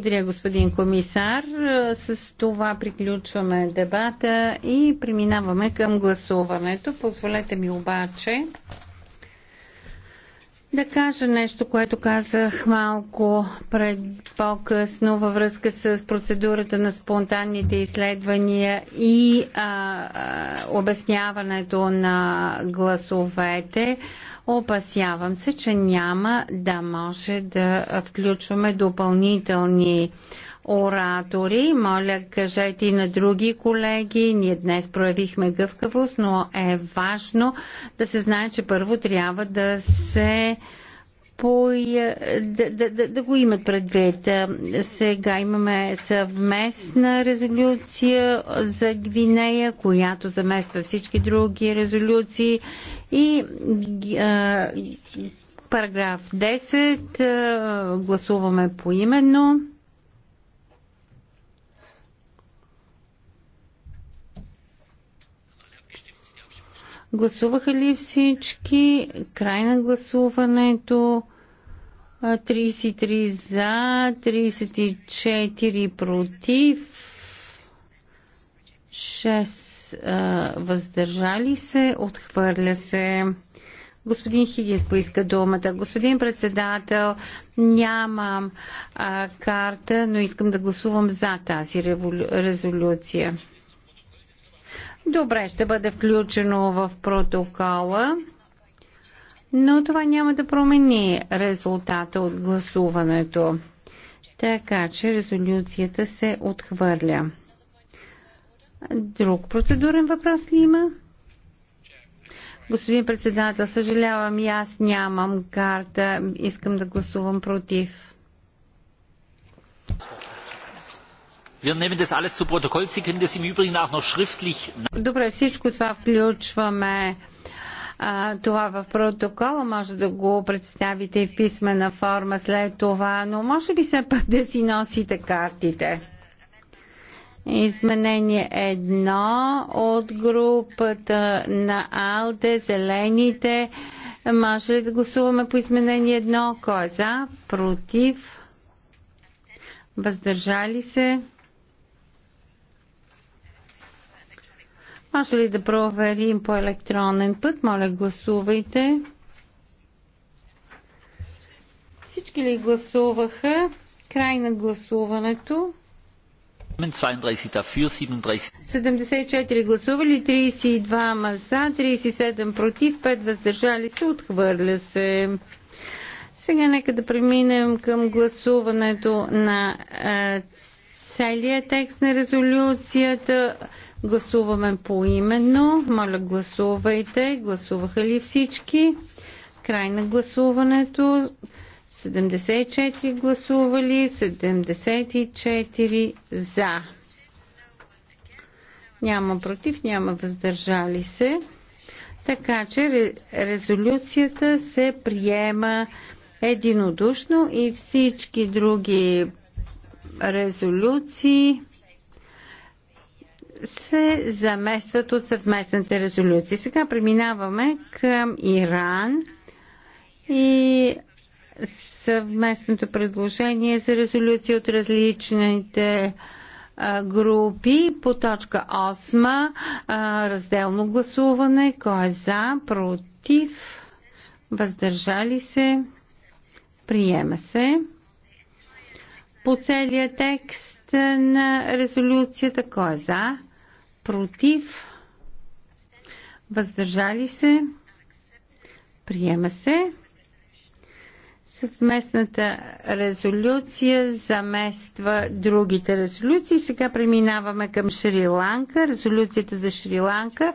Благодаря, господин комисар. С това приключваме дебата и преминаваме към гласуването. Позволете ми обаче да кажа нещо, което казах малко пред по-късно във връзка с процедурата на спонтанните изследвания и а, а, обясняването на гласовете. Опасявам се, че няма да може да включваме допълнителни оратори. Моля, кажете и на други колеги. Ние днес проявихме гъвкавост, но е важно да се знае, че първо трябва да се по, да, да, да, да го имат предвид. Сега имаме съвместна резолюция за Гвинея, която замества всички други резолюции и а, параграф 10 а, гласуваме поименно. Гласуваха ли всички? Край на гласуването. 33 за, 34 против, 6 а, въздържали се, отхвърля се. Господин Хигинс поиска думата. Господин председател, нямам а, карта, но искам да гласувам за тази резолюция. Добре, ще бъде включено в протокола, но това няма да промени резултата от гласуването. Така че резолюцията се отхвърля. Друг процедурен въпрос ли има? Господин председател, съжалявам, и аз нямам карта. Искам да гласувам против. Добре, всичко това включваме а, това в протокола, може да го представите и в писмена форма след това, но може би все пак да си носите картите. Изменение едно от групата на Алде, зелените. Може ли да гласуваме по изменение едно? Кой е за? Против? Въздържали се? Може ли да проверим по електронен път? Моля, гласувайте. Всички ли гласуваха? Край на гласуването. 74 гласували, 32 маса, за, 37 против, 5 въздържали се, отхвърля се. Сега нека да преминем към гласуването на е, целият текст на резолюцията Гласуваме поименно. Моля, гласувайте. Гласуваха ли всички? Край на гласуването. 74 гласували, 74 за. Няма против, няма въздържали се. Така че резолюцията се приема единодушно и всички други резолюции се заместват от съвместната резолюция. Сега преминаваме към Иран и съвместното предложение за резолюция от различните групи по точка 8 разделно гласуване. Кой е за, против, въздържали се, приема се. По целия текст на резолюцията, кой е за, против, въздържали се, приема се. Съвместната резолюция замества другите резолюции. Сега преминаваме към Шри-Ланка. Резолюцията за Шри-Ланка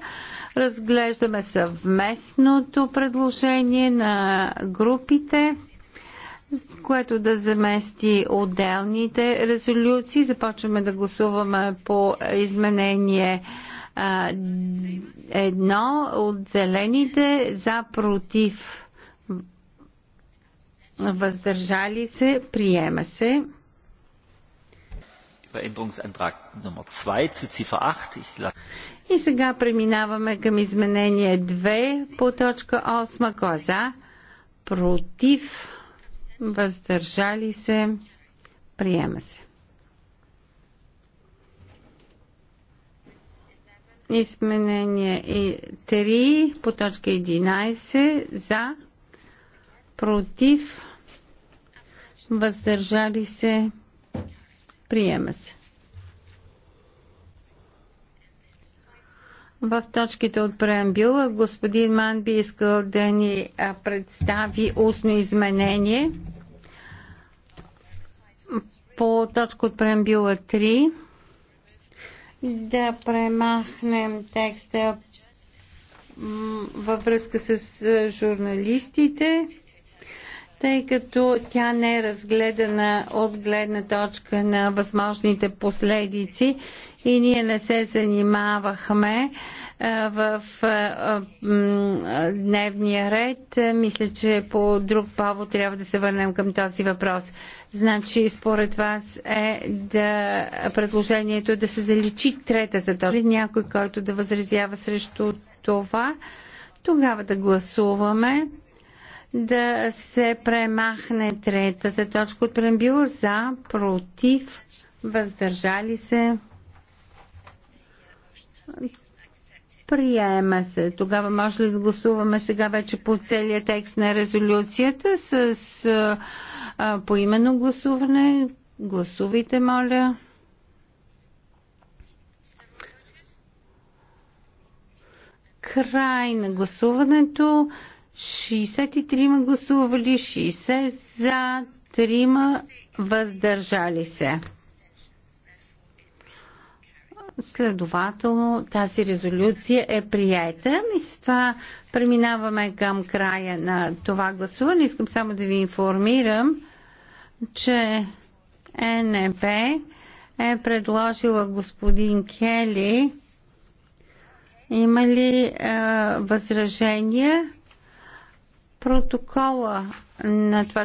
разглеждаме съвместното предложение на групите което да замести отделните резолюции. Започваме да гласуваме по изменение едно от зелените за против въздържали се, приема се. И сега преминаваме към изменение 2 по точка 8. Кой е за? Против въздържали се, приема се. Изменение 3 по точка 11 за, против, въздържали се, приема се. В точките от преамбюла господин Ман би искал да ни представи устно изменение по точка от преамбюла 3 да премахнем текста във връзка с журналистите тъй като тя не е разгледана от гледна точка на възможните последици и ние не се занимавахме в дневния ред. Мисля, че по друг повод трябва да се върнем към този въпрос. Значи, според вас е да предложението е да се заличи третата точка. Някой, който да възразява срещу това, тогава да гласуваме да се премахне третата точка от преамбюла за, против, въздържали се. Приема се. Тогава може ли да гласуваме сега вече по целия текст на резолюцията с а, поименно гласуване? Гласувайте, моля. Край на гласуването. 63 гласували, 60 за, 3 въздържали се. Следователно тази резолюция е приета и с това преминаваме към края на това гласуване. Искам само да ви информирам, че НП е предложила господин Кели. Има ли е, възражения? Протокола на това